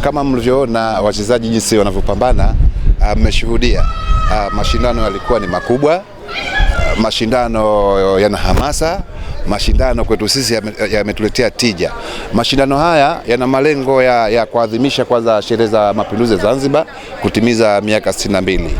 Kama mlivyoona wachezaji jinsi wanavyopambana, ah, mmeshuhudia ah, mashindano yalikuwa ni makubwa, mashindano yana hamasa, mashindano kwetu sisi yametuletea ya tija. Mashindano haya yana malengo ya, ya kuadhimisha kwanza sherehe za mapinduzi ya Zanzibar kutimiza miaka sitini na mbili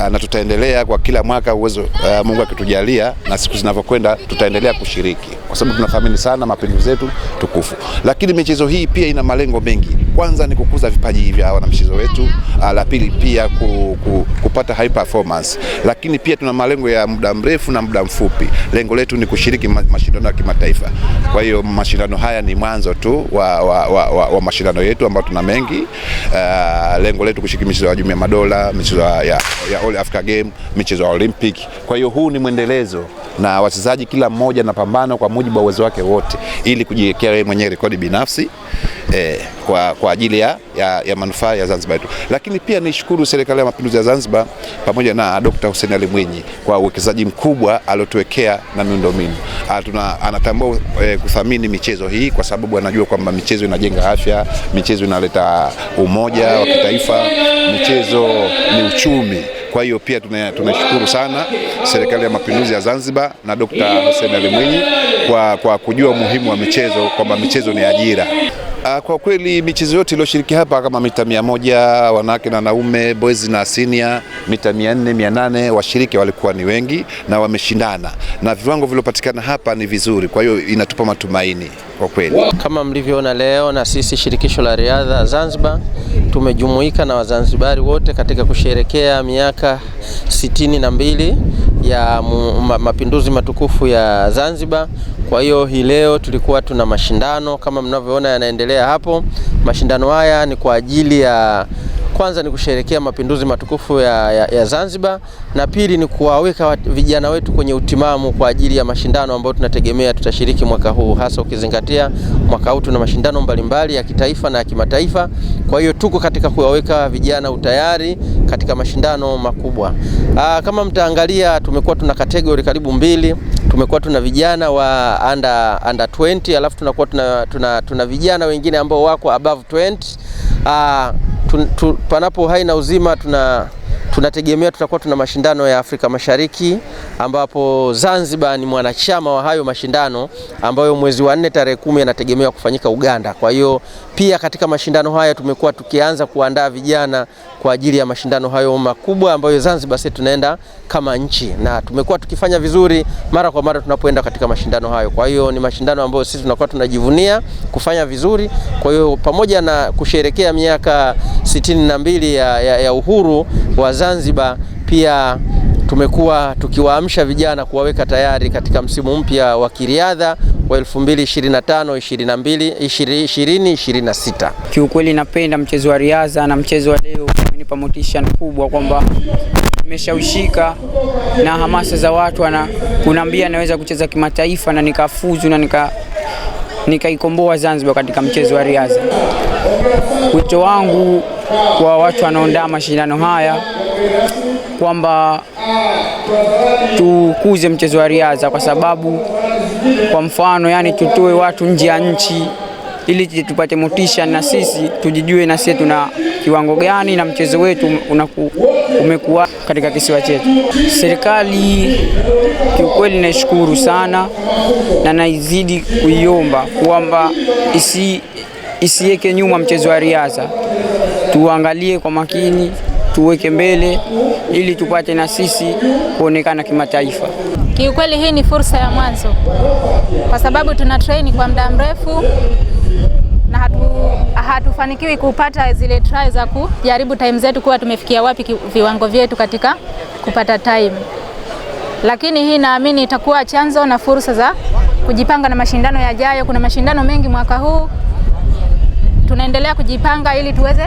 ah, na tutaendelea kwa kila mwaka uwezo uh, Mungu akitujalia na siku zinavyokwenda tutaendelea kushiriki kwa sababu tunathamini sana mapinduzi yetu tukufu, lakini michezo hii pia ina malengo mengi kwanza ni kukuza vipaji vya wanamchezo wetu, ah, la pili pia ku, ku, kupata high performance, lakini pia tuna malengo ya muda mrefu na muda mfupi. Lengo letu ni kushiriki mashindano ya kimataifa. Kwa hiyo mashindano haya ni mwanzo tu wa, wa, wa, wa, wa mashindano yetu ambayo tuna mengi. Uh, lengo letu kushiriki michezo ya Jumuiya Madola, michezo ya, ya All Africa Game, michezo ya Olympic. Kwa hiyo huu ni mwendelezo na wachezaji kila mmoja anapambana kwa mujibu wa uwezo wake wote, ili kujiwekea mwenyewe rekodi binafsi eh, kwa, kwa ajili ya, ya, ya manufaa ya Zanzibar yetu. Lakini pia nishukuru serikali ya mapinduzi ya Zanzibar pamoja na Dr. Hussein Ali Mwinyi kwa uwekezaji mkubwa aliotuwekea na miundombinu. Ah, anatambua eh, kuthamini michezo hii kwa sababu anajua kwamba michezo inajenga afya, michezo inaleta umoja wa kitaifa, michezo ni uchumi. Kwa hiyo pia tunashukuru sana serikali ya mapinduzi ya Zanzibar na Dr. Hussein Ali Mwinyi kwa, kwa kujua umuhimu wa michezo kwamba michezo ni ajira. Ah, kwa kweli michezo yote iliyoshiriki hapa kama mita mia moja wanawake na wanaume, boys na senior, mita mia nne mia nane washiriki walikuwa ni wengi na wameshindana, na viwango vilivyopatikana hapa ni vizuri, kwa hiyo inatupa matumaini kwa kweli. Kama mlivyoona leo, na sisi shirikisho la riadha Zanzibar tumejumuika na Wazanzibari wote katika kusherekea miaka sitini na mbili ya mapinduzi matukufu ya Zanzibar. Kwa hiyo hii leo tulikuwa tuna mashindano kama mnavyoona yanaendelea hapo. Mashindano haya ni kwa ajili ya kwanza ni kusherekea mapinduzi matukufu ya, ya, ya Zanzibar na pili ni kuwaweka vijana wetu kwenye utimamu kwa ajili ya mashindano ambayo tunategemea tutashiriki mwaka huu, hasa ukizingatia mwaka huu tuna mashindano mbalimbali ya kitaifa na ya kimataifa. Kwa hiyo tuko katika kuwaweka vijana utayari katika mashindano makubwa. Aa, ah, kama mtaangalia tumekuwa tuna kategori karibu mbili tumekuwa tuna vijana wa under, under 20 alafu tunakuwa tuna, tuna, tuna vijana wengine ambao wako above 20 aa, ah, tu, panapo hai na uzima tuna tunategemea tutakuwa tuna mashindano ya Afrika Mashariki ambapo Zanzibar ni mwanachama wa hayo mashindano ambayo mwezi wa nne tarehe kumi yanategemewa kufanyika Uganda. Kwa hiyo pia katika mashindano haya tumekuwa tukianza kuandaa vijana kwa ajili ya mashindano hayo makubwa ambayo Zanzibar sisi tunaenda kama nchi, na tumekuwa tukifanya vizuri mara kwa mara tunapoenda katika mashindano hayo. Kwa hiyo ni mashindano ambayo sisi tunakuwa tunajivunia kufanya vizuri. Kwa hiyo pamoja na kusherekea miaka sitini na mbili ya, ya, ya uhuru wa Zanzibar pia tumekuwa tukiwaamsha vijana kuwaweka tayari katika msimu mpya wa kiriadha wa 2025 2026. Kiukweli napenda mchezo wa riadha na mchezo wa leo umenipa motisha kubwa kwamba nimeshawishika na hamasa za watu wana kuniambia naweza kucheza kimataifa na nikafuzu na nika nikaikomboa Zanzibar katika mchezo wa riadha. Wito wangu kwa watu wanaoandaa mashindano haya kwamba tukuze mchezo wa riadha, kwa sababu kwa mfano, yani tutoe watu nje ya nchi ili tupate motisha na sisi tujijue, na sisi tuna kiwango gani na mchezo wetu unaku, umekuwa katika kisiwa chetu. Serikali kiukweli naishukuru sana na naizidi kuiomba kwamba isiweke nyuma mchezo wa riadha, tuangalie kwa makini tuweke mbele ili tupate na sisi kuonekana kimataifa. Kiukweli hii ni fursa ya mwanzo, kwa sababu tuna train kwa muda mrefu na hatu, hatufanikiwi kupata zile try za kujaribu time zetu kuwa tumefikia wapi viwango vyetu katika kupata time, lakini hii naamini itakuwa chanzo na fursa za kujipanga na mashindano yajayo. Kuna mashindano mengi mwaka huu, tunaendelea kujipanga ili tuweze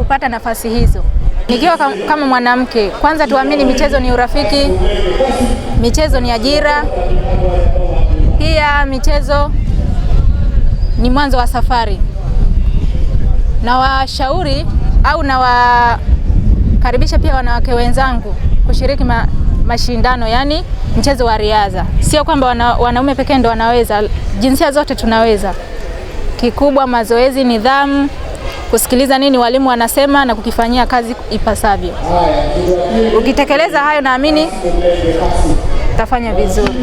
kupata nafasi hizo. Nikiwa kama mwanamke, kwanza tuamini michezo ni urafiki, michezo ni ajira, pia michezo ni mwanzo wa safari. Na washauri au nawakaribisha pia wanawake wenzangu kushiriki ma, mashindano yaani mchezo wa riadha. Sio kwamba wana, wanaume pekee ndo wanaweza, jinsia zote tunaweza. Kikubwa mazoezi, nidhamu kusikiliza nini walimu wanasema na kukifanyia kazi ipasavyo. Ukitekeleza hayo, naamini utafanya vizuri.